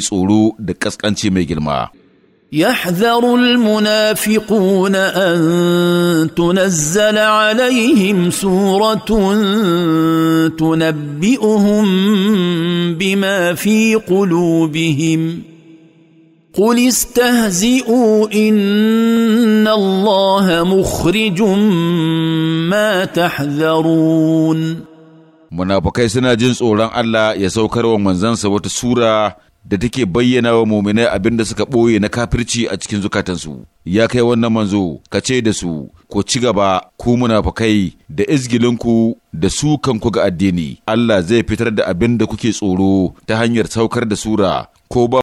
tsoro da ƙasƙanci mai girma. يحذر المنافقون أن تنزل عليهم سورة تنبئهم بما في قلوبهم قل استهزئوا إن الله مخرج ما تحذرون منافقين سنة جنس أولان الله يسوكر ومنزنس وتسورة da take bayyana wa muminai abin da suka ɓoye na kafirci a cikin zukatansu. Ya kai wannan manzo, ka ce da su, ko ci gaba, ku munafukai da izgilinku da su kanku ga addini. Allah zai fitar da abin da kuke tsoro ta hanyar saukar da sura, ko ba